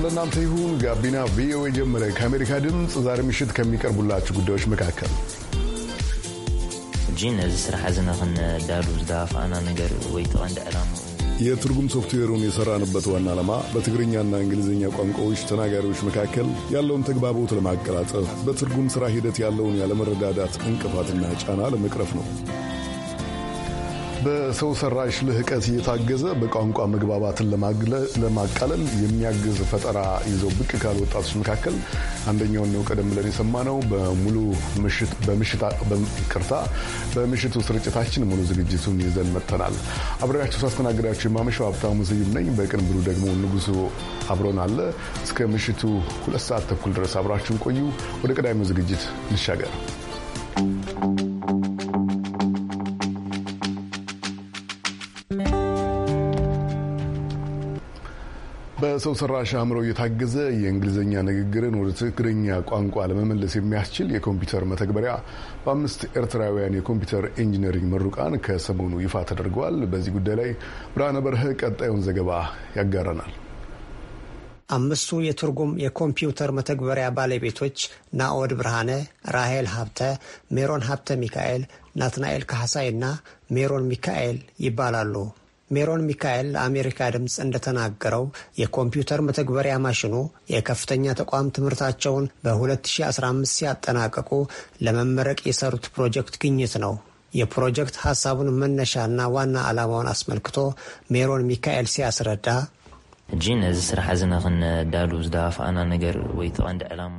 ሰላም ለእናንተ ይሁን። ጋቢና ቪኦኤ ጀመረ። ከአሜሪካ ድምፅ ዛሬ ምሽት ከሚቀርቡላችሁ ጉዳዮች መካከል እጂ ነዚ ስራሕ እዚ ንክንዳሉ ዝዳፋእና ነገር ወይ ተቐንዲ ዕላማ የትርጉም ሶፍትዌሩን የሰራንበት ዋና ዓላማ በትግርኛና እንግሊዝኛ ቋንቋዎች ተናጋሪዎች መካከል ያለውን ተግባቦት ለማቀላጠፍ፣ በትርጉም ስራ ሂደት ያለውን ያለመረዳዳት እንቅፋትና ጫና ለመቅረፍ ነው። በሰው ሰራሽ ልህቀት እየታገዘ በቋንቋ መግባባትን ለማቃለል የሚያግዝ ፈጠራ ይዘው ብቅ ካሉ ወጣቶች መካከል አንደኛውን ነው ቀደም ብለን የሰማነው። በሙሉ ቅርታ በምሽቱ ስርጭታችን ሙሉ ዝግጅቱን ይዘን መጥተናል። አብሬያቸው ሳስተናግዳችሁ የማመሻው ሀብታሙ ስዩም ነኝ። በቅንብሩ ደግሞ ንጉሱ አብሮን አለ። እስከ ምሽቱ ሁለት ሰዓት ተኩል ድረስ አብራችሁን ቆዩ። ወደ ቀዳሚው ዝግጅት እንሻገር። በሰው ሰራሽ አእምሮ እየታገዘ የእንግሊዝኛ ንግግርን ወደ ትግርኛ ቋንቋ ለመመለስ የሚያስችል የኮምፒውተር መተግበሪያ በአምስት ኤርትራውያን የኮምፒውተር ኢንጂነሪንግ ምሩቃን ከሰሞኑ ይፋ ተደርገዋል። በዚህ ጉዳይ ላይ ብርሃነ በርህ ቀጣዩን ዘገባ ያጋረናል። አምስቱ የትርጉም የኮምፒውተር መተግበሪያ ባለቤቶች ናኦድ ብርሃነ፣ ራሄል ሀብተ፣ ሜሮን ሀብተ ሚካኤል፣ ናትናኤል ካህሳይ እና ሜሮን ሚካኤል ይባላሉ። ሜሮን ሚካኤል ለአሜሪካ ድምፅ እንደተናገረው የኮምፒውተር መተግበሪያ ማሽኑ የከፍተኛ ተቋም ትምህርታቸውን በ2015 ሲያጠናቀቁ ለመመረቅ የሰሩት ፕሮጀክት ግኝት ነው። የፕሮጀክት ሀሳቡን መነሻና ዋና ዓላማውን አስመልክቶ ሜሮን ሚካኤል ሲያስረዳ እጂ ነዚ ስራሕ እዚ ንክንዳሉ ዝዳፋኣና ነገር ወይ ተቐንዲ ዕላማ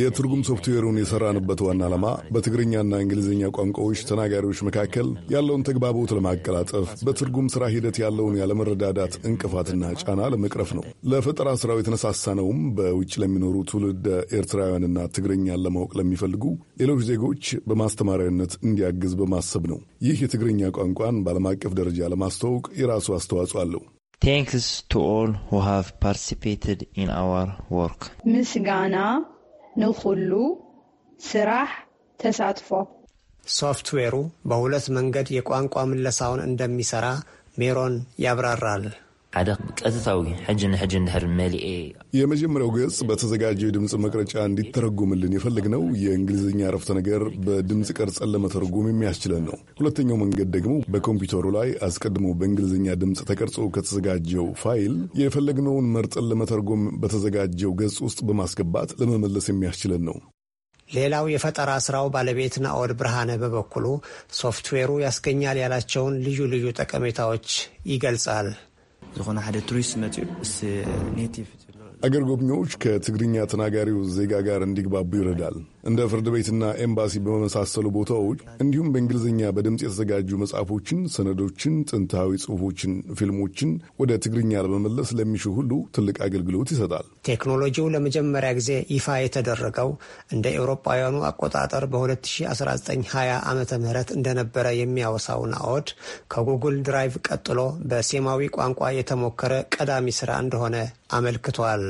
የትርጉም ሶፍትዌሩን የሰራንበት ዋና ዓላማ በትግርኛና እንግሊዝኛ ቋንቋዎች ተናጋሪዎች መካከል ያለውን ተግባቦት ለማቀላጠፍ በትርጉም ስራ ሂደት ያለውን ያለመረዳዳት እንቅፋትና ጫና ለመቅረፍ ነው። ለፈጠራ ስራው የተነሳሳነውም በውጭ ለሚኖሩ ትውልድ ኤርትራውያንና ትግርኛን ለማወቅ ለሚፈልጉ ሌሎች ዜጎች በማስተማሪያነት እንዲያግዝ በማሰብ ነው። ይህ የትግርኛ ቋንቋን በዓለም አቀፍ ደረጃ ለማስተዋወቅ የራሱ አስተዋጽኦ አለው። ቴንክስ to all who have participated ምስጋና ንኹሉ ስራሕ ተሳትፎ ሶፍትዌሩ በሁለት መንገድ የቋንቋ ምለሳውን እንደሚሰራ ሜሮን ያብራራል። ሓደ ቀጥታዊ ሕጂ ንሕጂ እንድሕር የመጀመሪያው ገጽ በተዘጋጀው የድምፅ መቅረጫ እንዲተረጎምልን የፈለግነው የእንግሊዝኛ አረፍተ ነገር በድምፅ ቀርጸን ለመተርጎም የሚያስችለን ነው። ሁለተኛው መንገድ ደግሞ በኮምፒውተሩ ላይ አስቀድሞ በእንግሊዝኛ ድምፅ ተቀርጾ ከተዘጋጀው ፋይል የፈለግነውን መርጠን ለመተርጎም በተዘጋጀው ገጽ ውስጥ በማስገባት ለመመለስ የሚያስችለን ነው። ሌላው የፈጠራ ስራው ባለቤት ናኦድ ብርሃነ በበኩሉ ሶፍትዌሩ ያስገኛል ያላቸውን ልዩ ልዩ ጠቀሜታዎች ይገልጻል። ዝኾነ ሓደ ቱሪስት መፅኡ እስ ኔቲቭ እግር ጎብኚዎች ከትግርኛ ተናጋሪው ዜጋ ጋር እንዲግባቡ ይረዳል። እንደ ፍርድ ቤትና ኤምባሲ በመሳሰሉ ቦታዎች እንዲሁም በእንግሊዝኛ በድምፅ የተዘጋጁ መጽሐፎችን፣ ሰነዶችን፣ ጥንታዊ ጽሑፎችን፣ ፊልሞችን ወደ ትግርኛ ለመመለስ ለሚሹ ሁሉ ትልቅ አገልግሎት ይሰጣል። ቴክኖሎጂው ለመጀመሪያ ጊዜ ይፋ የተደረገው እንደ ኤውሮፓውያኑ አቆጣጠር በ2019/20 ዓ ም እንደነበረ የሚያወሳውን አወድ ከጉግል ድራይቭ ቀጥሎ በሴማዊ ቋንቋ የተሞከረ ቀዳሚ ስራ እንደሆነ አመልክቷል።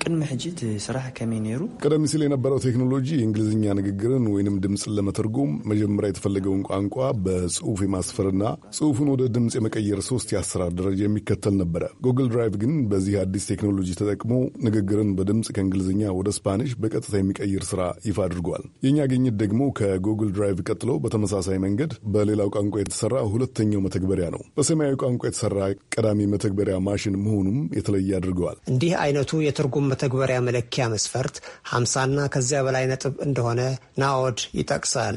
ቅድመ ሕጂ ስራሕ ከመይ ነይሩ? ቀደም ሲል የነበረው ቴክኖሎጂ የእንግሊዝኛ ንግግርን ወይንም ድምፅን ለመተርጎም መጀመሪያ የተፈለገውን ቋንቋ በጽሁፍ የማስፈርና ጽሁፉን ወደ ድምፅ የመቀየር ሶስት የአሰራር ደረጃ የሚከተል ነበረ። ጉግል ድራይቭ ግን በዚህ አዲስ ቴክኖሎጂ ተጠቅሞ ንግግርን በድምፅ ከእንግሊዝኛ ወደ ስፓኒሽ በቀጥታ የሚቀይር ስራ ይፋ አድርጓል። የእኛ ግኝት ደግሞ ከጉግል ድራይቭ ቀጥሎ በተመሳሳይ መንገድ በሌላው ቋንቋ የተሰራ ሁለተኛው መተግበሪያ ነው። በሰማያዊ ቋንቋ የተሰራ ቀዳሚ መተግበሪያ ማሽን መሆኑም የተለየ አድርገዋል። እንዲህ አይነቱ የትርጉም የቁም መተግበሪያ መለኪያ መስፈርት 50ና ከዚያ በላይ ነጥብ እንደሆነ ናኦድ ይጠቅሳል።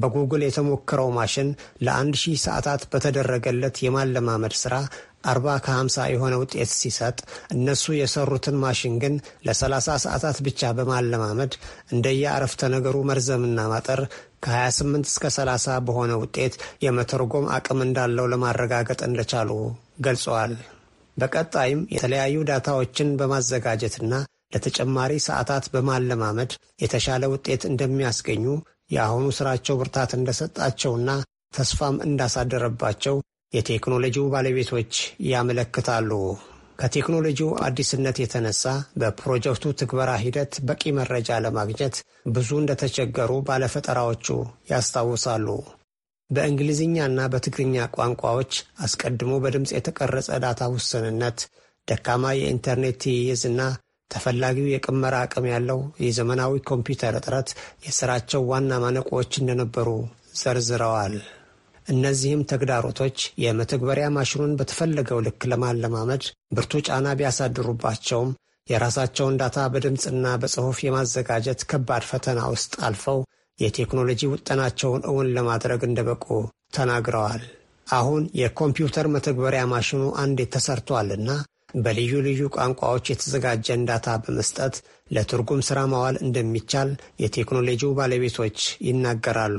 በጉግል የተሞከረው ማሽን ለአንድ ሺህ ሰዓታት በተደረገለት የማለማመድ ሥራ አርባ ከ50 የሆነ ውጤት ሲሰጥ እነሱ የሰሩትን ማሽን ግን ለ30 ሰዓታት ብቻ በማለማመድ እንደየ አረፍተ ነገሩ መርዘምና ማጠር ከ28 እስከ 30 በሆነ ውጤት የመተርጎም አቅም እንዳለው ለማረጋገጥ እንደቻሉ ገልጸዋል። በቀጣይም የተለያዩ ዳታዎችን በማዘጋጀትና ለተጨማሪ ሰዓታት በማለማመድ የተሻለ ውጤት እንደሚያስገኙ የአሁኑ ስራቸው ብርታት እንደሰጣቸውና ተስፋም እንዳሳደረባቸው የቴክኖሎጂው ባለቤቶች ያመለክታሉ። ከቴክኖሎጂው አዲስነት የተነሳ በፕሮጀክቱ ትግበራ ሂደት በቂ መረጃ ለማግኘት ብዙ እንደተቸገሩ ባለፈጠራዎቹ ያስታውሳሉ። በእንግሊዝኛና በትግርኛ ቋንቋዎች አስቀድሞ በድምፅ የተቀረጸ ዳታ ውስንነት፣ ደካማ የኢንተርኔት ትይይዝና ተፈላጊው የቅመራ አቅም ያለው የዘመናዊ ኮምፒውተር እጥረት የሥራቸው ዋና ማነቆዎች እንደነበሩ ዘርዝረዋል። እነዚህም ተግዳሮቶች የመተግበሪያ ማሽኑን በተፈለገው ልክ ለማለማመድ ብርቱ ጫና ቢያሳድሩባቸውም የራሳቸውን ዳታ በድምፅና በጽሑፍ የማዘጋጀት ከባድ ፈተና ውስጥ አልፈው የቴክኖሎጂ ውጠናቸውን እውን ለማድረግ እንደበቁ ተናግረዋል። አሁን የኮምፒውተር መተግበሪያ ማሽኑ አንዴ ተሰርቷልና በልዩ ልዩ ቋንቋዎች የተዘጋጀ እንዳታ በመስጠት ለትርጉም ሥራ ማዋል እንደሚቻል የቴክኖሎጂው ባለቤቶች ይናገራሉ።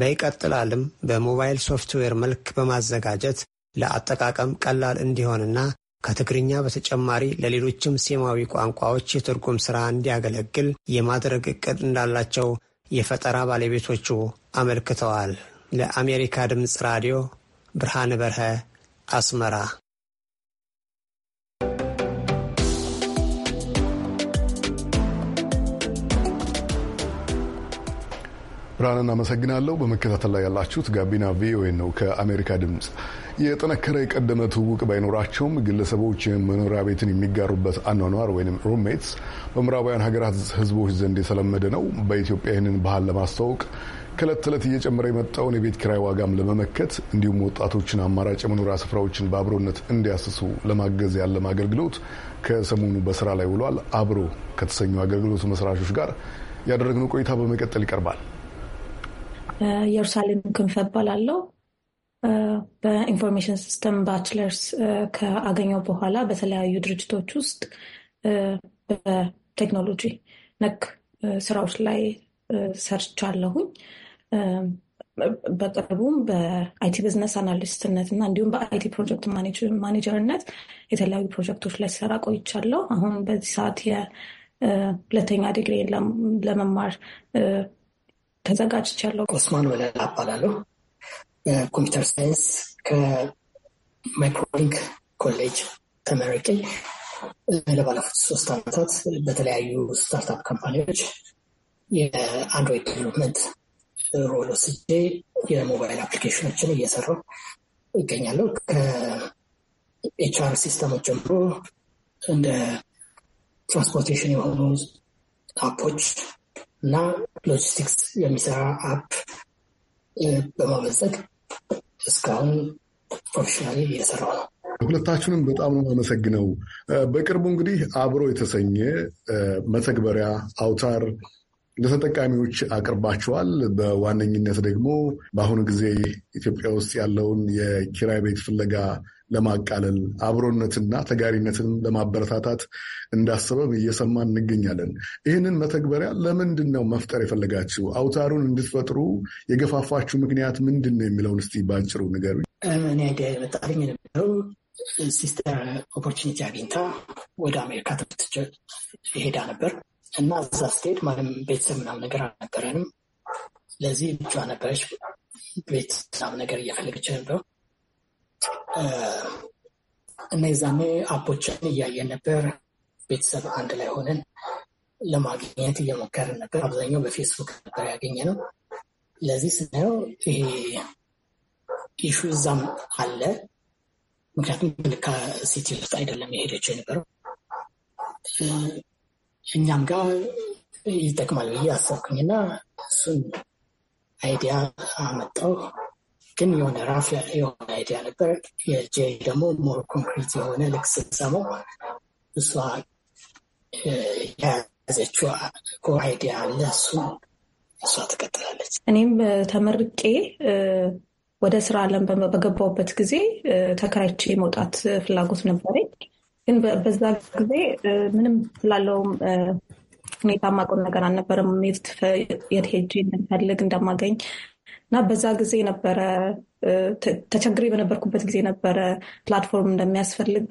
በይቀጥላልም በሞባይል ሶፍትዌር መልክ በማዘጋጀት ለአጠቃቀም ቀላል እንዲሆንና ከትግርኛ በተጨማሪ ለሌሎችም ሴማዊ ቋንቋዎች የትርጉም ሥራ እንዲያገለግል የማድረግ ዕቅድ እንዳላቸው የፈጠራ ባለቤቶቹ አመልክተዋል። ለአሜሪካ ድምፅ ራዲዮ ብርሃን በርሀ አስመራ። ብርሃን እናመሰግናለሁ። በመከታተል ላይ ያላችሁት ጋቢና ቪኦኤ ነው ከአሜሪካ ድምፅ የጠነከረ የቀደመ ትውውቅ ባይኖራቸውም ግለሰቦች መኖሪያ ቤትን የሚጋሩበት አኗኗር ወይም ሩሜትስ በምዕራባውያን ሀገራት ህዝቦች ዘንድ የተለመደ ነው። በኢትዮጵያ ይህንን ባህል ለማስተዋወቅ ከእለት ተዕለት እየጨመረ የመጣውን የቤት ኪራይ ዋጋም ለመመከት እንዲሁም ወጣቶችን አማራጭ የመኖሪያ ስፍራዎችን በአብሮነት እንዲያስሱ ለማገዝ ያለም አገልግሎት ከሰሞኑ በስራ ላይ ውሏል። አብሮ ከተሰኙ አገልግሎት መስራቾች ጋር ያደረግነው ቆይታ በመቀጠል ይቀርባል። ኢየሩሳሌም ክንፈ እባላለሁ። በኢንፎርሜሽን ሲስተም ባችለርስ ከአገኘው በኋላ በተለያዩ ድርጅቶች ውስጥ በቴክኖሎጂ ነክ ስራዎች ላይ ሰርቻለሁኝ። በቅርቡም በአይቲ ብዝነስ አናሊስትነት እና እንዲሁም በአይቲ ፕሮጀክት ማኔጀርነት የተለያዩ ፕሮጀክቶች ላይ ሰራ ቆይቻለሁ። አሁን በዚህ ሰዓት የሁለተኛ ዲግሪ ለመማር ተዘጋጅቻለሁ። ኦስማን ወለላ እባላለሁ። በኮምፒውተር ሳይንስ ከማይክሮሊንክ ኮሌጅ ተመርቄ ለባለፉት ሶስት ዓመታት በተለያዩ ስታርታፕ ካምፓኒዎች የአንድሮይድ ዴቨሎፕመንት ሮል ወስጄ የሞባይል አፕሊኬሽኖችን እየሰራው ይገኛለሁ። ከኤችአር ሲስተሞች ጀምሮ እንደ ትራንስፖርቴሽን የሆኑ አፖች እና ሎጂስቲክስ የሚሰራ አፕ በማበልጸግ እስካሁን ፕሮፌሽናሊ እየሰራው ነው። ሁለታችሁንም በጣም ነው አመሰግነው። በቅርቡ እንግዲህ አብሮ የተሰኘ መተግበሪያ አውታር ለተጠቃሚዎች አቅርባችኋል። በዋነኝነት ደግሞ በአሁኑ ጊዜ ኢትዮጵያ ውስጥ ያለውን የኪራይ ቤት ፍለጋ ለማቃለል አብሮነትና ተጋሪነትን ለማበረታታት እንዳሰበም እየሰማን እንገኛለን። ይህንን መተግበሪያ ለምንድን ነው መፍጠር የፈለጋችሁ? አውታሩን እንድትፈጥሩ የገፋፋችሁ ምክንያት ምንድን ነው የሚለውን እስቲ በአጭሩ ንገሩኝ። እኔ የነበረው ሲስተር ኦፖርቹኒቲ አግኝታ ወደ አሜሪካ ትምህርት ሄዳ ነበር እና እዛ ስትሄድ ማንም ቤተሰብ ምናምን ነገር አልነበረንም። ለዚህ ብቻ ነበረች። ቤት ምናምን ነገር እየፈለገች ነበረው እና የዛኔ አቦችን እያየን ነበር። ቤተሰብ አንድ ላይ ሆነን ለማግኘት እየሞከርን ነበር። አብዛኛው በፌስቡክ ነበር ያገኘ ነው። ለዚህ ስናየው ይሄ ኢሹ እዛም አለ። ምክንያቱም ልካ ሲቲ ውስጥ አይደለም የሄደችው የነበረው። እኛም ጋር ይጠቅማል ብዬ አሰብኩኝና እሱን አይዲያ አመጣው። ግን የሆነ ራፍ የሆነ አይዲያ ነበር። የጄ ደግሞ ሞር ኮንክሪት የሆነ ልክ ስትሰማው እሷ የያዘችው አይዲያ አለ እሱ እሷ ትቀጥላለች። እኔም ተመርቄ ወደ ስራ አለም በገባሁበት ጊዜ ተከራይቼ መውጣት ፍላጎት ነበረኝ። ግን በዛ ጊዜ ምንም ስላለውም ሁኔታ ማቆም ነገር አልነበረም። የት ሄጄ እንደምፈልግ እንደማገኝ እና በዛ ጊዜ ነበረ ተቸግሬ በነበርኩበት ጊዜ ነበረ ፕላትፎርም እንደሚያስፈልግ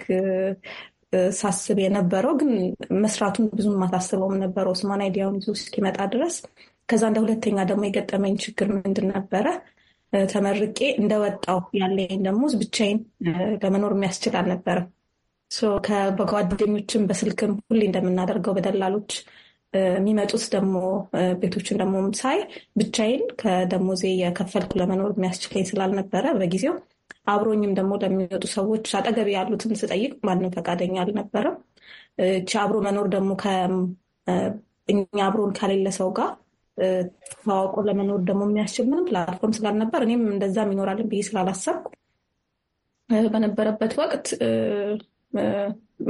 ሳስብ የነበረው ግን መስራቱን ብዙም አታስበውም ነበር ስማን አይዲያውን ይዞ እስኪመጣ ድረስ። ከዛ እንደ ሁለተኛ ደግሞ የገጠመኝ ችግር ምንድን ነበረ? ተመርቄ እንደወጣው ያለኝ ደግሞ ብቻዬን ለመኖር የሚያስችል አልነበረም። በጓደኞችም በስልክም ሁሌ እንደምናደርገው በደላሎች የሚመጡት ደግሞ ቤቶችን ደግሞ ሳይ ብቻዬን ከደሞዜ የከፈልኩ ለመኖር የሚያስችለኝ ስላልነበረ በጊዜው አብሮኝም ደግሞ ለሚወጡ ሰዎች አጠገብ ያሉትን ስጠይቅ ማንም ፈቃደኛ አልነበረም። እቺ አብሮ መኖር ደግሞ እኛ አብሮን ከሌለ ሰው ጋር ተዋውቆ ለመኖር ደግሞ የሚያስችል ምንም ፕላትፎርም ስላልነበር እኔም እንደዛም ይኖራልን ብዬ ስላላሰብኩ በነበረበት ወቅት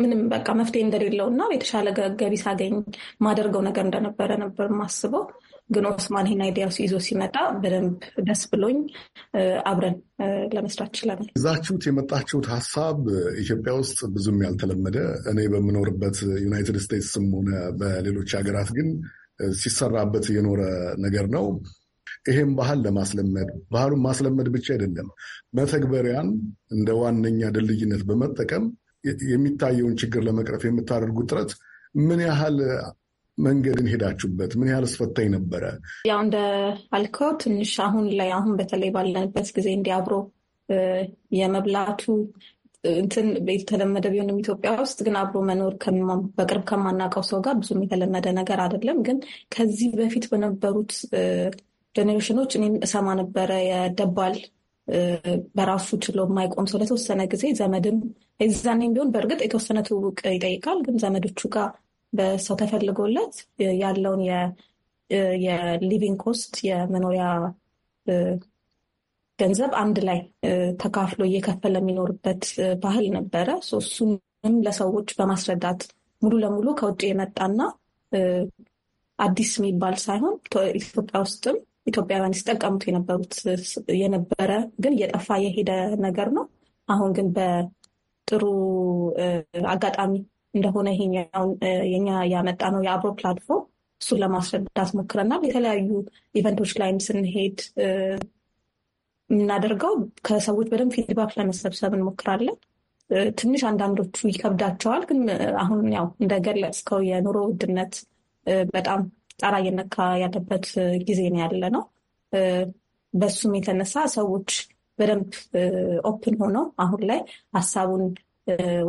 ምንም በቃ መፍትሄ እንደሌለው እና የተሻለ ገቢ ሳገኝ ማደርገው ነገር እንደነበረ ነበር ማስበው። ግን ኦስማን ይሄን አይዲያ ይዞ ሲመጣ በደንብ ደስ ብሎኝ አብረን ለመስራት ችለናል። ይዛችሁት የመጣችሁት ሀሳብ ኢትዮጵያ ውስጥ ብዙም ያልተለመደ እኔ በምኖርበት ዩናይትድ ስቴትስም ሆነ በሌሎች ሀገራት ግን ሲሰራበት የኖረ ነገር ነው። ይሄም ባህል ለማስለመድ ባህሉን ማስለመድ ብቻ አይደለም፣ መተግበሪያን እንደ ዋነኛ ድልድይነት በመጠቀም የሚታየውን ችግር ለመቅረፍ የምታደርጉት ጥረት ምን ያህል መንገድን ሄዳችሁበት? ምን ያህል አስፈታኝ ነበረ? ያው እንደ አልከው ትንሽ አሁን ላይ አሁን በተለይ ባለንበት ጊዜ እንዲ አብሮ የመብላቱ እንትን የተለመደ ቢሆንም ኢትዮጵያ ውስጥ ግን አብሮ መኖር በቅርብ ከማናውቀው ሰው ጋር ብዙም የተለመደ ነገር አይደለም። ግን ከዚህ በፊት በነበሩት ጀኔሬሽኖች እኔም እሰማ ነበረ የደባል በራሱ ችሎ የማይቆም ሰው ለተወሰነ ጊዜ ዘመድም የዛኔም ቢሆን በእርግጥ የተወሰነ ትውውቅ ይጠይቃል። ግን ዘመዶቹ ጋር በሰው ተፈልጎለት ያለውን የሊቪንግ ኮስት የመኖሪያ ገንዘብ አንድ ላይ ተካፍሎ እየከፈለ የሚኖርበት ባህል ነበረ። እሱንም ለሰዎች በማስረዳት ሙሉ ለሙሉ ከውጭ የመጣና አዲስ የሚባል ሳይሆን ኢትዮጵያ ውስጥም ኢትዮጵያውያን ሲጠቀሙት የነበሩት የነበረ ግን እየጠፋ የሄደ ነገር ነው። አሁን ግን በጥሩ አጋጣሚ እንደሆነ ይሄኛውን የኛ ያመጣ ነው የአብሮ ፕላትፎርም እሱን ለማስረዳት ሞክረናል። የተለያዩ ኢቨንቶች ላይም ስንሄድ የምናደርገው ከሰዎች በደንብ ፊድባክ ለመሰብሰብ እንሞክራለን። ትንሽ አንዳንዶቹ ይከብዳቸዋል። ግን አሁን ያው እንደገለጽከው የኑሮ ውድነት በጣም ጣራ እየነካ ያለበት ጊዜ ነው ያለ ነው። በሱም የተነሳ ሰዎች በደንብ ኦፕን ሆነው አሁን ላይ ሀሳቡን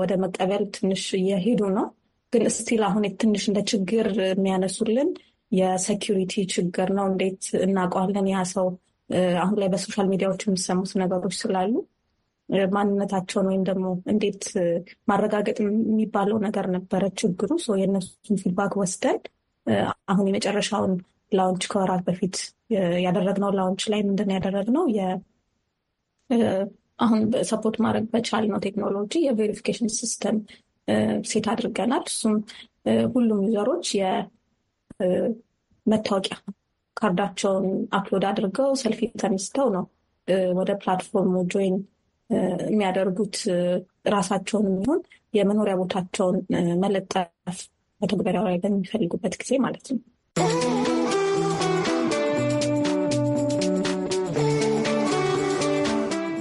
ወደ መቀበል ትንሽ እየሄዱ ነው። ግን እስቲል አሁን ትንሽ እንደ ችግር የሚያነሱልን የሴኪሪቲ ችግር ነው። እንዴት እናውቀዋለን ያ ሰው አሁን ላይ በሶሻል ሚዲያዎች የሚሰሙት ነገሮች ስላሉ ማንነታቸውን ወይም ደግሞ እንዴት ማረጋገጥ የሚባለው ነገር ነበረ ችግሩ። የእነሱን ፊድባክ ወስደን አሁን የመጨረሻውን ላውንች ከወራት በፊት ያደረግነው ላውንች ላይ ምንድን ያደረግነው አሁን ሰፖርት ማድረግ በቻልነው ቴክኖሎጂ የቬሪፊኬሽን ሲስተም ሴት አድርገናል። እሱም ሁሉም ዩዘሮች የመታወቂያ ካርዳቸውን አፕሎድ አድርገው ሰልፊ ተነስተው ነው ወደ ፕላትፎርሙ ጆይን የሚያደርጉት። ራሳቸውን የሚሆን የመኖሪያ ቦታቸውን መለጠፍ መተግበሪያው ላይ በሚፈልጉበት ጊዜ ማለት ነው።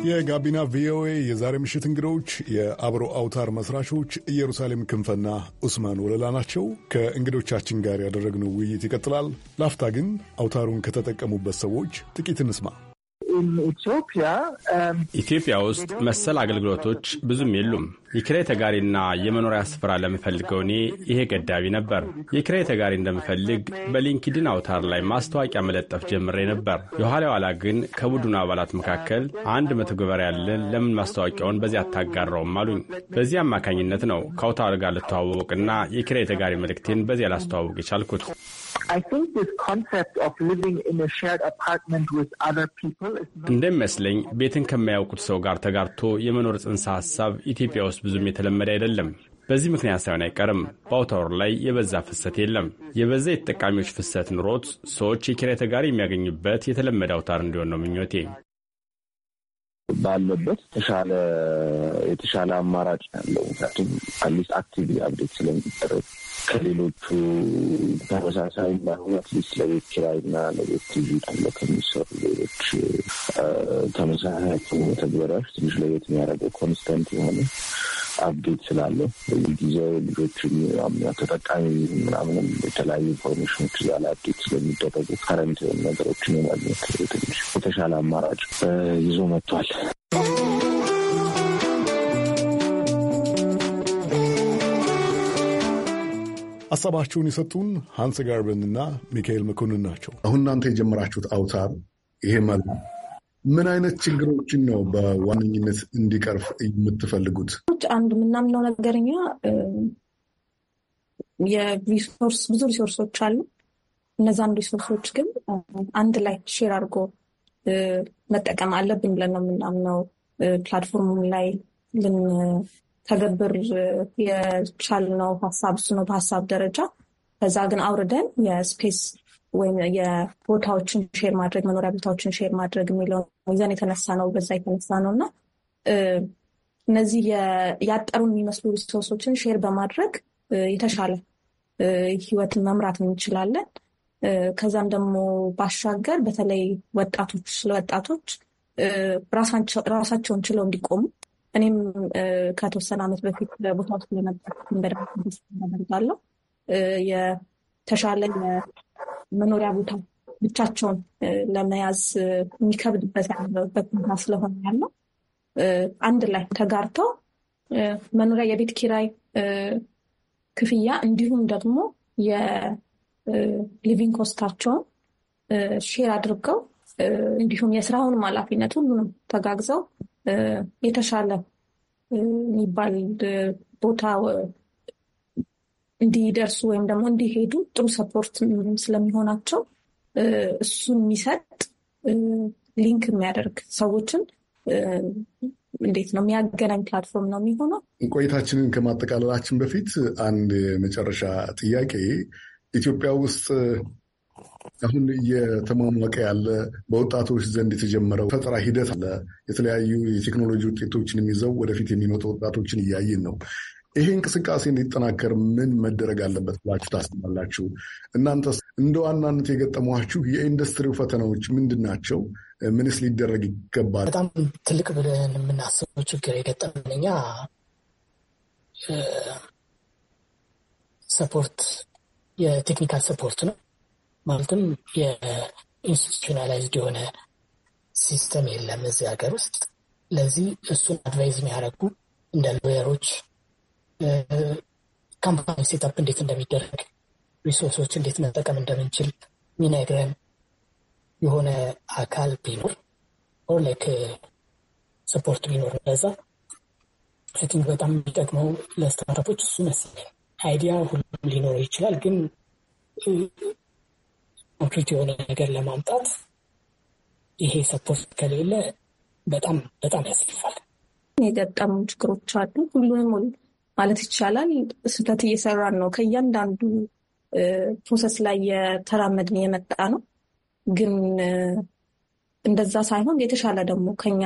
የጋቢና ቪኦኤ የዛሬ ምሽት እንግዶች የአብሮ አውታር መስራቾች ኢየሩሳሌም ክንፈና ኡስማን ወለላ ናቸው። ከእንግዶቻችን ጋር ያደረግነው ውይይት ይቀጥላል። ላፍታ ግን አውታሩን ከተጠቀሙበት ሰዎች ጥቂት እንስማ። Um, ኢትዮጵያ ውስጥ መሰል አገልግሎቶች ብዙም የሉም። የኪራይ ተጋሪና የመኖሪያ ስፍራ ለምፈልገው እኔ ይሄ ገዳቢ ነበር። የኪራይ ተጋሪ እንደምፈልግ በሊንክድን አውታር ላይ ማስታወቂያ መለጠፍ ጀምሬ ነበር። የኋላ ኋላ ግን ከቡድኑ አባላት መካከል አንድ መተግበሪያ ያለን ለምን ማስታወቂያውን በዚያ አታጋራውም አሉኝ። በዚህ አማካኝነት ነው ከአውታር ጋር ልተዋወቅና የኪራይ ተጋሪ መልእክቴን በዚያ ላስተዋወቅ የቻልኩት። እንደሚመስለኝ ቤትን ከማያውቁት ሰው ጋር ተጋርቶ የመኖር ጽንሰ ሀሳብ ኢትዮጵያ ውስጥ ብዙም የተለመደ አይደለም። በዚህ ምክንያት ሳይሆን አይቀርም በአውታወር ላይ የበዛ ፍሰት የለም። የበዛ የተጠቃሚዎች ፍሰት ኑሮት ሰዎች የኪራይ ተጋሪ የሚያገኙበት የተለመደ አውታር እንዲሆን ነው ምኞቴ። ባለበት ተሻለ የተሻለ አማራጭ ያለው ምክንያቱም አትሊስት አክቲቭ አብዴት ስለሚደረግ ከሌሎቹ ተመሳሳይ ባይሆኑ አትሊስት ለቤት ኪራይና ለቤት ትይዩ ካለ ከሚሰሩ ሌሎች ተመሳሳይ መተግበሪያዎች ትንሽ ለቤት የሚያደርገው ኮንስተንት የሆነ አፕዴት ስላለው ጊዜ ልጆች ተጠቃሚ ምናምንም የተለያዩ ኢንፎርሜሽኖች እያለ አፕዴት ስለሚደረጉ ከረንት ነገሮችን የማግኘት ትንሽ የተሻለ አማራጭ ይዞ መጥቷል። ሀሳባቸውን የሰጡን ሀንስ ጋርበን እና ሚካኤል መኮንን ናቸው። አሁን እናንተ የጀመራችሁት አውታር ይሄ መላ ምን አይነት ችግሮችን ነው በዋነኝነት እንዲቀርፍ የምትፈልጉት? አንድ የምናምነው ነገርኛ የሪሶርስ ብዙ ሪሶርሶች አሉ። እነዛን ሪሶርሶች ግን አንድ ላይ ሼር አድርጎ መጠቀም አለብን ብለን ነው የምናምነው። ፕላትፎርሙም ላይ ተገብር የቻልነው ሀሳብ እሱ ነው በሀሳብ ደረጃ። ከዛ ግን አውርደን የስፔስ ወይም የቦታዎችን ሼር ማድረግ መኖሪያ ቦታዎችን ሼር ማድረግ የሚለው ይዘን የተነሳ ነው በዛ የተነሳ ነው እና እነዚህ ያጠሩን የሚመስሉ ሪሶርሶችን ሼር በማድረግ የተሻለ ህይወትን መምራት እንችላለን። ከዛም ደግሞ ባሻገር በተለይ ወጣቶች ስለወጣቶች ራሳቸውን ችለው እንዲቆሙ እኔም ከተወሰነ ዓመት በፊት በቦታ ውስጥ ለመጣትን በደንብ የተሻለ የመኖሪያ ቦታ ብቻቸውን ለመያዝ የሚከብድበት ያለበት ቦታ ስለሆነ ያለው አንድ ላይ ተጋርተው መኖሪያ የቤት ኪራይ ክፍያ እንዲሁም ደግሞ የሊቪንግ ኮስታቸውን ሼር አድርገው እንዲሁም የስራውንም ኃላፊነት ሁሉንም ተጋግዘው የተሻለ የሚባል ቦታ እንዲደርሱ ወይም ደግሞ እንዲሄዱ ጥሩ ሰፖርት ስለሚሆናቸው እሱን የሚሰጥ ሊንክ የሚያደርግ ሰዎችን እንዴት ነው የሚያገናኝ ፕላትፎርም ነው የሚሆነው። ቆይታችንን ከማጠቃለላችን በፊት አንድ የመጨረሻ ጥያቄ ኢትዮጵያ ውስጥ አሁን እየተሟሟቀ ያለ በወጣቶች ዘንድ የተጀመረው ፈጠራ ሂደት አለ። የተለያዩ የቴክኖሎጂ ውጤቶችን ይዘው ወደፊት የሚመጡ ወጣቶችን እያየን ነው። ይሄ እንቅስቃሴ እንዲጠናከር ምን መደረግ አለበት ብላችሁ ታስባላችሁ? እናንተስ እንደ ዋናነት የገጠሟችሁ የኢንዱስትሪው ፈተናዎች ምንድን ናቸው? ምንስ ሊደረግ ይገባል? በጣም ትልቅ ብለን የምናስበው ችግር የገጠመን ሰፖርት የቴክኒካል ሰፖርት ነው። ማለትም የኢንስቲቱሽናላይዝድ የሆነ ሲስተም የለም እዚህ ሀገር ውስጥ። ለዚህ እሱን አድቫይዝ የሚያደርጉ እንደ ሎየሮች ካምፓኒ ሴታፕ እንዴት እንደሚደረግ ሪሶርሶች እንዴት መጠቀም እንደምንችል ሚነግረን የሆነ አካል ቢኖር ኦር ላይክ ሰፖርት ቢኖር ለዛ ቲንክ በጣም የሚጠቅመው ለስታርታፖች እሱ መሰለኝ። አይዲያ ሁሉም ሊኖረው ይችላል ግን ኮንክሪት የሆነ ነገር ለማምጣት ይሄ ሰፖርት ከሌለ በጣም በጣም ያስፋል። የገጠሙ ችግሮች አሉ። ሁሉንም ማለት ይቻላል ስህተት እየሰራን ነው። ከእያንዳንዱ ፕሮሰስ ላይ የተራመድን የመጣ ነው። ግን እንደዛ ሳይሆን የተሻለ ደግሞ ከኛ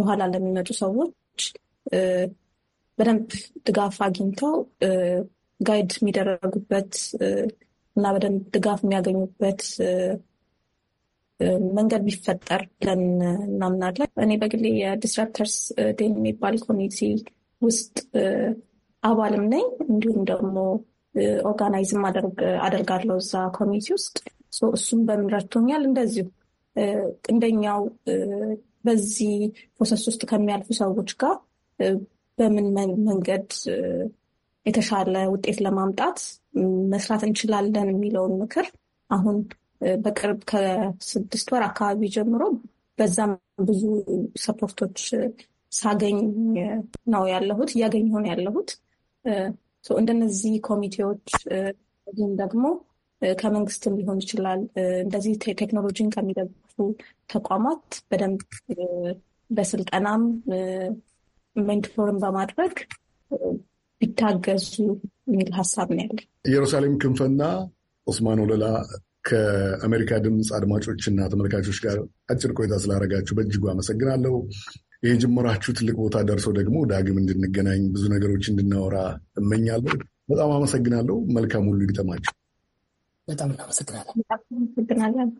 በኋላ ለሚመጡ ሰዎች በደንብ ድጋፍ አግኝተው ጋይድ የሚደረጉበት እና በደንብ ድጋፍ የሚያገኙበት መንገድ ቢፈጠር ብለን እናምናለን። እኔ በግሌ የዲስራፕተርስ ዴን የሚባል ኮሚኒቲ ውስጥ አባልም ነኝ። እንዲሁም ደግሞ ኦርጋናይዝም አደርጋለሁ እዛ ኮሚኒቲ ውስጥ እሱም በምን ረድቶኛል። እንደዚሁ እንደኛው በዚህ ፕሮሰስ ውስጥ ከሚያልፉ ሰዎች ጋር በምን መንገድ የተሻለ ውጤት ለማምጣት መስራት እንችላለን የሚለውን ምክር አሁን በቅርብ ከስድስት ወር አካባቢ ጀምሮ በዛም ብዙ ሰፖርቶች ሳገኝ ነው ያለሁት እያገኝ ሆን ያለሁት እንደነዚህ ኮሚቴዎች እንዲሁም ደግሞ ከመንግስትም ሊሆን ይችላል እንደዚህ ቴክኖሎጂን ከሚደግፉ ተቋማት በደንብ በስልጠናም ሜንቶርን በማድረግ ቢታገዙ የሚል ሀሳብ ነው ያለ። ኢየሩሳሌም ክንፈና ኦስማን ወለላ ከአሜሪካ ድምፅ አድማጮችና ተመልካቾች ጋር አጭር ቆይታ ስላደረጋችሁ በእጅጉ አመሰግናለሁ። የጀመራችሁ ትልቅ ቦታ ደርሶ ደግሞ ዳግም እንድንገናኝ ብዙ ነገሮች እንድናወራ እመኛለሁ። በጣም አመሰግናለሁ። መልካም ሁሉ ይግጠማችሁ። በጣም እናመሰግናለን።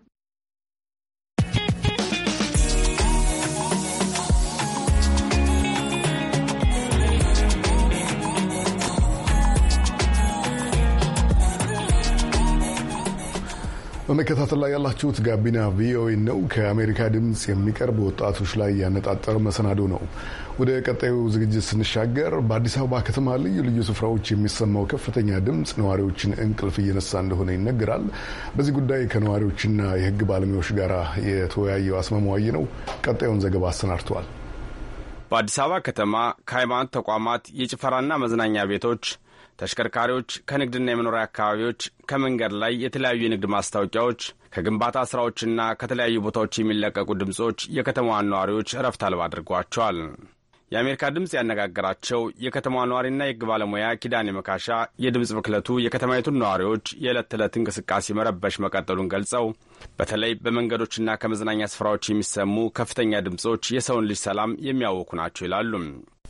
በመከታተል ላይ ያላችሁት ጋቢና ቪኦኤ ነው፣ ከአሜሪካ ድምፅ የሚቀርብ ወጣቶች ላይ ያነጣጠረ መሰናዶ ነው። ወደ ቀጣዩ ዝግጅት ስንሻገር በአዲስ አበባ ከተማ ልዩ ልዩ ስፍራዎች የሚሰማው ከፍተኛ ድምፅ ነዋሪዎችን እንቅልፍ እየነሳ እንደሆነ ይነገራል። በዚህ ጉዳይ ከነዋሪዎችና የሕግ ባለሙያዎች ጋር የተወያየው አስመማዋይ ነው። ቀጣዩን ዘገባ አሰናድተዋል። በአዲስ አበባ ከተማ ከሃይማኖት ተቋማት የጭፈራና መዝናኛ ቤቶች ተሽከርካሪዎች ከንግድና የመኖሪያ አካባቢዎች፣ ከመንገድ ላይ የተለያዩ የንግድ ማስታወቂያዎች፣ ከግንባታ ሥራዎችና ከተለያዩ ቦታዎች የሚለቀቁ ድምፆች የከተማዋን ነዋሪዎች እረፍት አልባ አድርጓቸዋል። የአሜሪካ ድምፅ ያነጋገራቸው የከተማዋ ነዋሪና የሕግ ባለሙያ ኪዳኔ መካሻ የድምፅ ብክለቱ የከተማይቱን ነዋሪዎች የዕለት ተዕለት እንቅስቃሴ መረበሽ መቀጠሉን ገልጸው በተለይ በመንገዶችና ከመዝናኛ ስፍራዎች የሚሰሙ ከፍተኛ ድምፆች የሰውን ልጅ ሰላም የሚያወኩ ናቸው ይላሉ።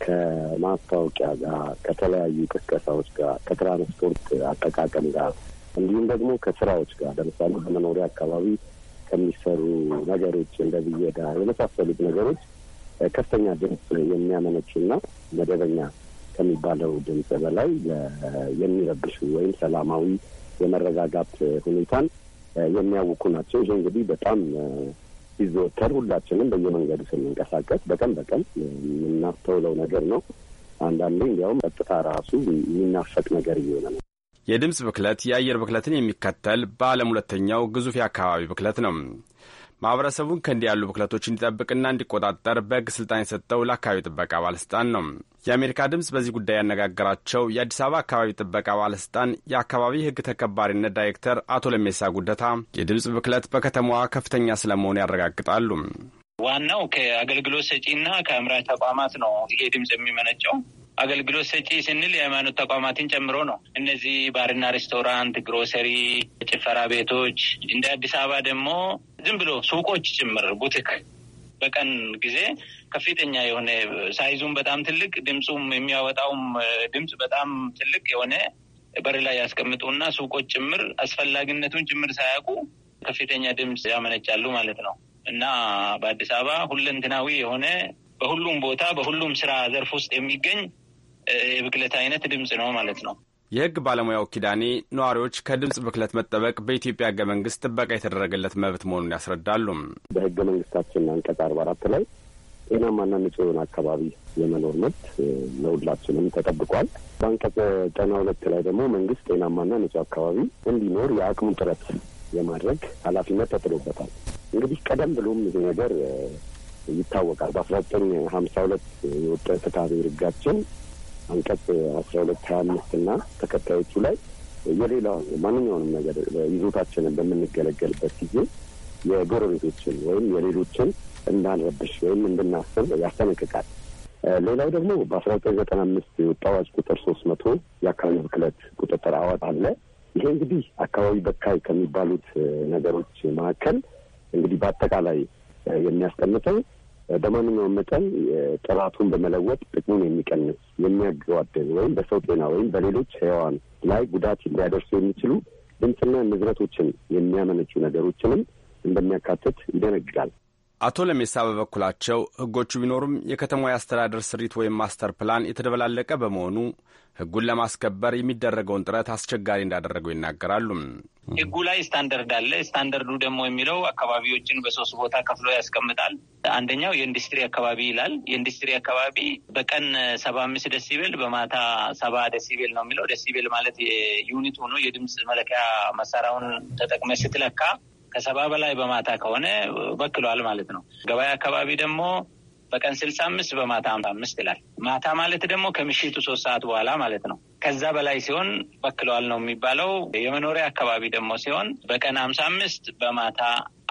ከማስታወቂያ ጋር፣ ከተለያዩ ቅስቀሳዎች ጋር፣ ከትራንስፖርት አጠቃቀም ጋር እንዲሁም ደግሞ ከስራዎች ጋር ለምሳሌ በመኖሪያ አካባቢ ከሚሰሩ ነገሮች እንደ ብየዳ የመሳሰሉት ነገሮች ከፍተኛ ድምፅ የሚያመነጩና መደበኛ ከሚባለው ድምፅ በላይ የሚረብሹ ወይም ሰላማዊ የመረጋጋት ሁኔታን የሚያውቁ ናቸው። ይሄ እንግዲህ በጣም ሲዘወተር ሁላችንም በየመንገዱ ስንንቀሳቀስ በቀን በቀን የምናስተውለው ነገር ነው። አንዳንዴ እንዲያውም ቀጥታ ራሱ የሚናፈቅ ነገር እየሆነ ነው። የድምፅ ብክለት የአየር ብክለትን የሚከተል በዓለም ሁለተኛው ግዙፍ የአካባቢ ብክለት ነው። ማህበረሰቡን ከእንዲህ ያሉ ብክለቶች እንዲጠብቅና እንዲቆጣጠር በሕግ ስልጣን የሰጠው ለአካባቢ ጥበቃ ባለስልጣን ነው። የአሜሪካ ድምፅ በዚህ ጉዳይ ያነጋገራቸው የአዲስ አበባ አካባቢ ጥበቃ ባለስልጣን የአካባቢ ሕግ ተከባሪነት ዳይሬክተር አቶ ለሜሳ ጉደታ የድምፅ ብክለት በከተማዋ ከፍተኛ ስለመሆኑ ያረጋግጣሉ። ዋናው ከአገልግሎት ሰጪና ከአምራች ተቋማት ነው ይሄ ድምፅ የሚመነጨው። አገልግሎት ሰጪ ስንል የሃይማኖት ተቋማትን ጨምሮ ነው። እነዚህ ባርና ሬስቶራንት፣ ግሮሰሪ፣ ጭፈራ ቤቶች እንደ አዲስ አበባ ደግሞ ዝም ብሎ ሱቆች ጭምር ቡቲክ በቀን ጊዜ ከፍተኛ የሆነ ሳይዙም በጣም ትልቅ ድምፁም የሚያወጣውም ድምፅ በጣም ትልቅ የሆነ በር ላይ ያስቀምጡና ሱቆች ጭምር አስፈላጊነቱን ጭምር ሳያውቁ ከፍተኛ ድምፅ ያመነጫሉ ማለት ነው እና በአዲስ አበባ ሁለንትናዊ የሆነ በሁሉም ቦታ በሁሉም ስራ ዘርፍ ውስጥ የሚገኝ የብክለት አይነት ድምፅ ነው ማለት ነው። የህግ ባለሙያው ኪዳኔ ነዋሪዎች ከድምፅ ብክለት መጠበቅ በኢትዮጵያ ህገ መንግስት ጥበቃ የተደረገለት መብት መሆኑን ያስረዳሉ። በህገ መንግስታችን አንቀጽ አርባ አራት ላይ ጤናማና ንጹህ የሆነ አካባቢ የመኖር መብት ለሁላችንም ተጠብቋል። በአንቀጽ ዘጠና ሁለት ላይ ደግሞ መንግስት ጤናማና ንጹህ አካባቢ እንዲኖር የአቅሙ ጥረት የማድረግ ኃላፊነት ተጥሎበታል። እንግዲህ ቀደም ብሎም ይሄ ነገር ይታወቃል። በአስራ ዘጠኝ ሀምሳ ሁለት የወጣ ፍትሐ ብሔር አንቀጽ አስራ ሁለት ሀያ አምስት እና ተከታዮቹ ላይ የሌላውን ማንኛውንም ነገር ይዞታችንን በምንገለገልበት ጊዜ የጎረቤቶችን ወይም የሌሎችን እንዳንረብሽ ወይም እንድናስብ ያስጠነቅቃል። ሌላው ደግሞ በአስራ ዘጠኝ ዘጠና አምስት የወጣው አዋጅ ቁጥር ሶስት መቶ የአካባቢ ብክለት ቁጥጥር አዋጅ አለ። ይሄ እንግዲህ አካባቢ በካይ ከሚባሉት ነገሮች መካከል እንግዲህ በአጠቃላይ የሚያስቀምጠው በማንኛውም መጠን ጥራቱን በመለወጥ ጥቅሙን የሚቀንስ የሚያገዋደል ወይም በሰው ጤና ወይም በሌሎች ሕያዋን ላይ ጉዳት ሊያደርሱ የሚችሉ ድምፅና ንዝረቶችን የሚያመነጩ ነገሮችንም እንደሚያካትት ይደነግጋል። አቶ ለሜሳ በበኩላቸው ሕጎቹ ቢኖሩም የከተማዋ የአስተዳደር ስሪት ወይም ማስተር ፕላን የተደበላለቀ በመሆኑ ሕጉን ለማስከበር የሚደረገውን ጥረት አስቸጋሪ እንዳደረገው ይናገራሉ። ሕጉ ላይ ስታንደርድ አለ። ስታንደርዱ ደግሞ የሚለው አካባቢዎችን በሶስት ቦታ ከፍሎ ያስቀምጣል። አንደኛው የኢንዱስትሪ አካባቢ ይላል። የኢንዱስትሪ አካባቢ በቀን ሰባ አምስት ደሲቤል በማታ ሰባ ደሲቤል ነው የሚለው። ደሲቤል ማለት የዩኒት ሆኖ የድምፅ መለኪያ መሳሪያውን ተጠቅመ ስትለካ ከሰባ በላይ በማታ ከሆነ በክሏል ማለት ነው። ገበያ አካባቢ ደግሞ በቀን ስልሳ አምስት በማታ አምሳ አምስት ይላል። ማታ ማለት ደግሞ ከምሽቱ ሶስት ሰዓት በኋላ ማለት ነው። ከዛ በላይ ሲሆን በክለዋል ነው የሚባለው። የመኖሪያ አካባቢ ደግሞ ሲሆን በቀን ሀምሳ አምስት በማታ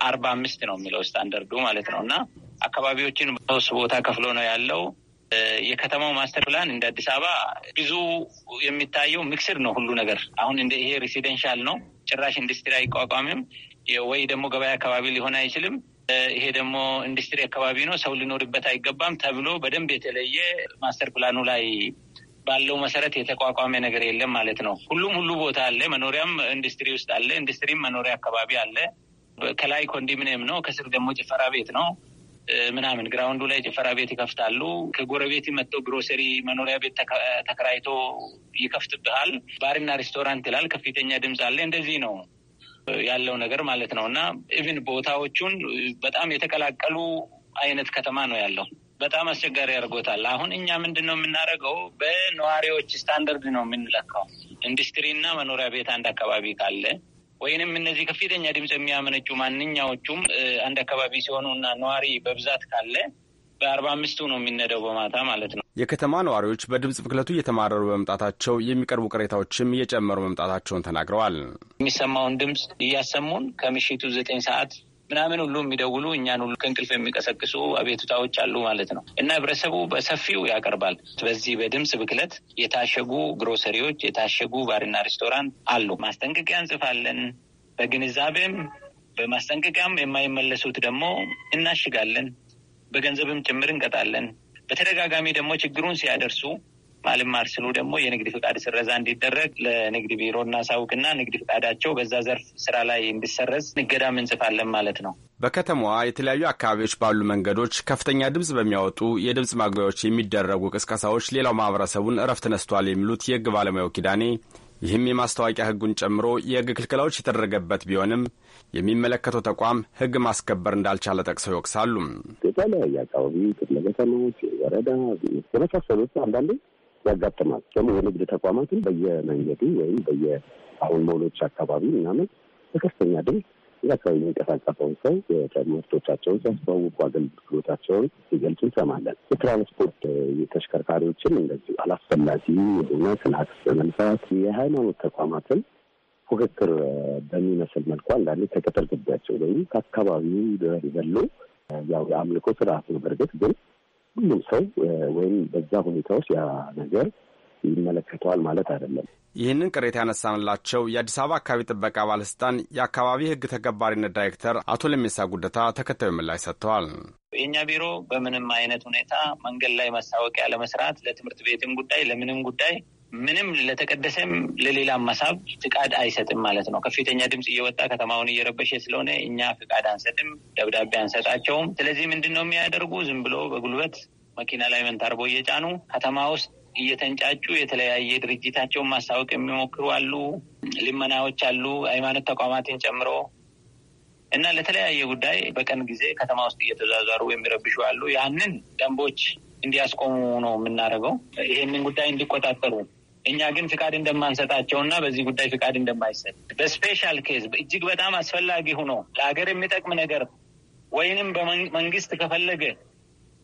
አርባ አምስት ነው የሚለው ስታንደርዱ ማለት ነው። እና አካባቢዎችን ሶስት ቦታ ከፍሎ ነው ያለው። የከተማው ማስተር ፕላን እንደ አዲስ አበባ ብዙ የሚታየው ሚክስድ ነው ሁሉ ነገር። አሁን እንደ ይሄ ሬሲደንሻል ነው ጭራሽ ኢንዱስትሪ አይቋቋምም። ወይ ደግሞ ገበያ አካባቢ ሊሆን አይችልም። ይሄ ደግሞ ኢንዱስትሪ አካባቢ ነው፣ ሰው ሊኖርበት አይገባም ተብሎ በደንብ የተለየ ማስተር ፕላኑ ላይ ባለው መሰረት የተቋቋመ ነገር የለም ማለት ነው። ሁሉም ሁሉ ቦታ አለ። መኖሪያም ኢንዱስትሪ ውስጥ አለ፣ ኢንዱስትሪም መኖሪያ አካባቢ አለ። ከላይ ኮንዶሚኒየም ነው፣ ከስር ደግሞ ጭፈራ ቤት ነው ምናምን ግራውንዱ ላይ ጭፈራ ቤት ይከፍታሉ። ከጎረቤት መጥተው ግሮሰሪ መኖሪያ ቤት ተከራይቶ ይከፍትብሃል። ባርና ሬስቶራንት ይላል። ከፍተኛ ድምፅ አለ። እንደዚህ ነው ያለው ነገር ማለት ነው እና ኢቭን ቦታዎቹን በጣም የተቀላቀሉ አይነት ከተማ ነው ያለው። በጣም አስቸጋሪ ያደርጎታል። አሁን እኛ ምንድን ነው የምናደርገው? በነዋሪዎች ስታንደርድ ነው የምንለካው። ኢንዱስትሪ እና መኖሪያ ቤት አንድ አካባቢ ካለ ወይንም እነዚህ ከፍተኛ ድምፅ የሚያመነጩ ማንኛዎቹም አንድ አካባቢ ሲሆኑ እና ነዋሪ በብዛት ካለ በአርባ አምስቱ ነው የሚነደው በማታ ማለት ነው። የከተማ ነዋሪዎች በድምፅ ብክለቱ እየተማረሩ በመምጣታቸው የሚቀርቡ ቅሬታዎችም እየጨመሩ መምጣታቸውን ተናግረዋል። የሚሰማውን ድምፅ እያሰሙን ከምሽቱ ዘጠኝ ሰዓት ምናምን ሁሉ የሚደውሉ እኛን ሁሉ ከእንቅልፍ የሚቀሰቅሱ አቤቱታዎች አሉ ማለት ነው እና ህብረተሰቡ በሰፊው ያቀርባል። በዚህ በድምፅ ብክለት የታሸጉ ግሮሰሪዎች፣ የታሸጉ ባርና ሬስቶራንት አሉ። ማስጠንቀቂያ እንጽፋለን። በግንዛቤም በማስጠንቀቂያም የማይመለሱት ደግሞ እናሽጋለን። በገንዘብም ጭምር እንቀጣለን። በተደጋጋሚ ደግሞ ችግሩን ሲያደርሱ ማልም አርስሉ ደግሞ የንግድ ፍቃድ ስረዛ እንዲደረግ ለንግድ ቢሮ እናሳውቅና ንግድ ፍቃዳቸው በዛ ዘርፍ ስራ ላይ እንዲሰረዝ ንገዳም እንጽፋለን ማለት ነው። በከተማዋ የተለያዩ አካባቢዎች ባሉ መንገዶች ከፍተኛ ድምፅ በሚያወጡ የድምፅ ማጉያዎች የሚደረጉ ቅስቀሳዎች ሌላው ማህበረሰቡን እረፍት ነስቷል የሚሉት የህግ ባለሙያው ኪዳኔ፣ ይህም የማስታወቂያ ህጉን ጨምሮ የህግ ክልክላዎች የተደረገበት ቢሆንም የሚመለከተው ተቋም ህግ ማስከበር እንዳልቻለ ጠቅሰው ይወቅሳሉ። የተለያየ አካባቢ ክፍለ ከተሞች፣ ወረዳ የመሳሰሉት አንዳንዴ ያጋጥማል። ደግሞ የንግድ ተቋማትን በየመንገዱ ወይም በየአሁን ሞሎች አካባቢ ምናምን በከፍተኛ ድምፅ የአካባቢ የሚንቀሳቀሰውን ሰው ምርቶቻቸውን ሲያስተዋውቁ አገልግሎታቸውን ሲገልጹ እንሰማለን። የትራንስፖርት ተሽከርካሪዎችን እንደዚሁ አላስፈላጊ የሆነ ስላክስ በመንሳት የሃይማኖት ተቋማትን ፉክክር በሚመስል መልኩ አንዳንዴ ከቅጥር ግቢያቸው ወይም ከአካባቢው ይበሉ ያው የአምልኮ ስርዓት ነው። በእርግጥ ግን ሁሉም ሰው ወይም በዛ ሁኔታ ውስጥ ያ ነገር ይመለከተዋል ማለት አይደለም። ይህንን ቅሬታ ያነሳንላቸው የአዲስ አበባ አካባቢ ጥበቃ ባለስልጣን የአካባቢ ሕግ ተገባሪነት ዳይሬክተር አቶ ለሜሳ ጉደታ ተከታዩ ምላሽ ሰጥተዋል። የእኛ ቢሮ በምንም አይነት ሁኔታ መንገድ ላይ ማስታወቂያ ለመስራት ለትምህርት ቤትም ጉዳይ ለምንም ጉዳይ ምንም ለተቀደሰም ለሌላም መሳብ ፍቃድ አይሰጥም ማለት ነው። ከፍተኛ ድምፅ እየወጣ ከተማውን እየረበሸ ስለሆነ እኛ ፍቃድ አንሰጥም፣ ደብዳቤ አንሰጣቸውም። ስለዚህ ምንድን ነው የሚያደርጉ? ዝም ብሎ በጉልበት መኪና ላይ መንታርቦ እየጫኑ ከተማ ውስጥ እየተንጫጩ የተለያየ ድርጅታቸውን ማስታወቅ የሚሞክሩ አሉ። ልመናዎች አሉ፣ ሃይማኖት ተቋማትን ጨምሮ እና ለተለያየ ጉዳይ በቀን ጊዜ ከተማ ውስጥ እየተዟዟሩ የሚረብሹ አሉ። ያንን ደንቦች እንዲያስቆሙ ነው የምናደርገው። ይሄንን ጉዳይ እንዲቆጣጠሩ እኛ ግን ፍቃድ እንደማንሰጣቸው እና በዚህ ጉዳይ ፍቃድ እንደማይሰጥ በስፔሻል ኬዝ እጅግ በጣም አስፈላጊ ሆኖ ለሀገር የሚጠቅም ነገር ወይንም በመንግስት ከፈለገ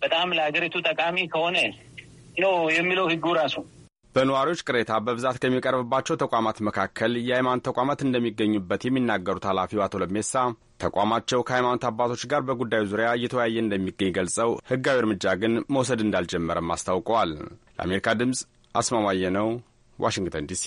በጣም ለሀገሪቱ ጠቃሚ ከሆነ ነው የሚለው ህጉ ራሱ። በነዋሪዎች ቅሬታ በብዛት ከሚቀርብባቸው ተቋማት መካከል የሃይማኖት ተቋማት እንደሚገኙበት የሚናገሩት ኃላፊው አቶ ለሜሳ ተቋማቸው ከሃይማኖት አባቶች ጋር በጉዳዩ ዙሪያ እየተወያየ እንደሚገኝ ገልጸው ህጋዊ እርምጃ ግን መውሰድ እንዳልጀመረም አስታውቀዋል። ለአሜሪካ ድምፅ አስማማየ ነው ዋሽንግተን ዲሲ።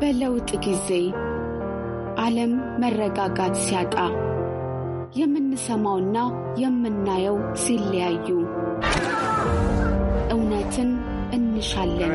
በለውጥ ጊዜ ዓለም መረጋጋት ሲያጣ የምንሰማውና የምናየው ሲለያዩ እውነትን እንሻለን።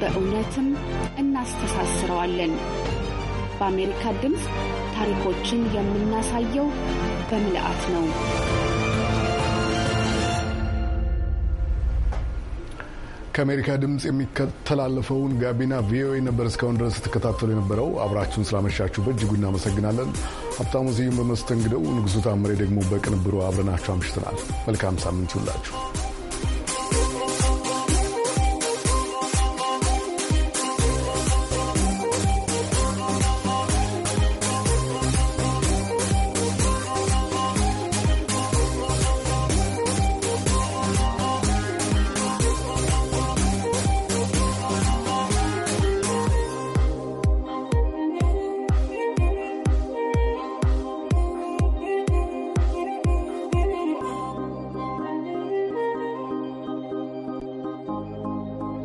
በእውነትም እናስተሳስረዋለን። በአሜሪካ ድምፅ ታሪኮችን የምናሳየው በምልአት ነው። ከአሜሪካ ድምፅ የሚተላለፈውን ጋቢና ቪኦኤ ነበር እስካሁን ድረስ ስትከታተሉ የነበረው። አብራችሁን ስላመሻችሁ በእጅጉ እናመሰግናለን። ሀብታሙ ስዩም በመስተንግደው፣ ንጉሱ ታምሬ ደግሞ በቅንብሩ አብረናችሁ አምሽተናል። መልካም ሳምንት ይውላችሁ።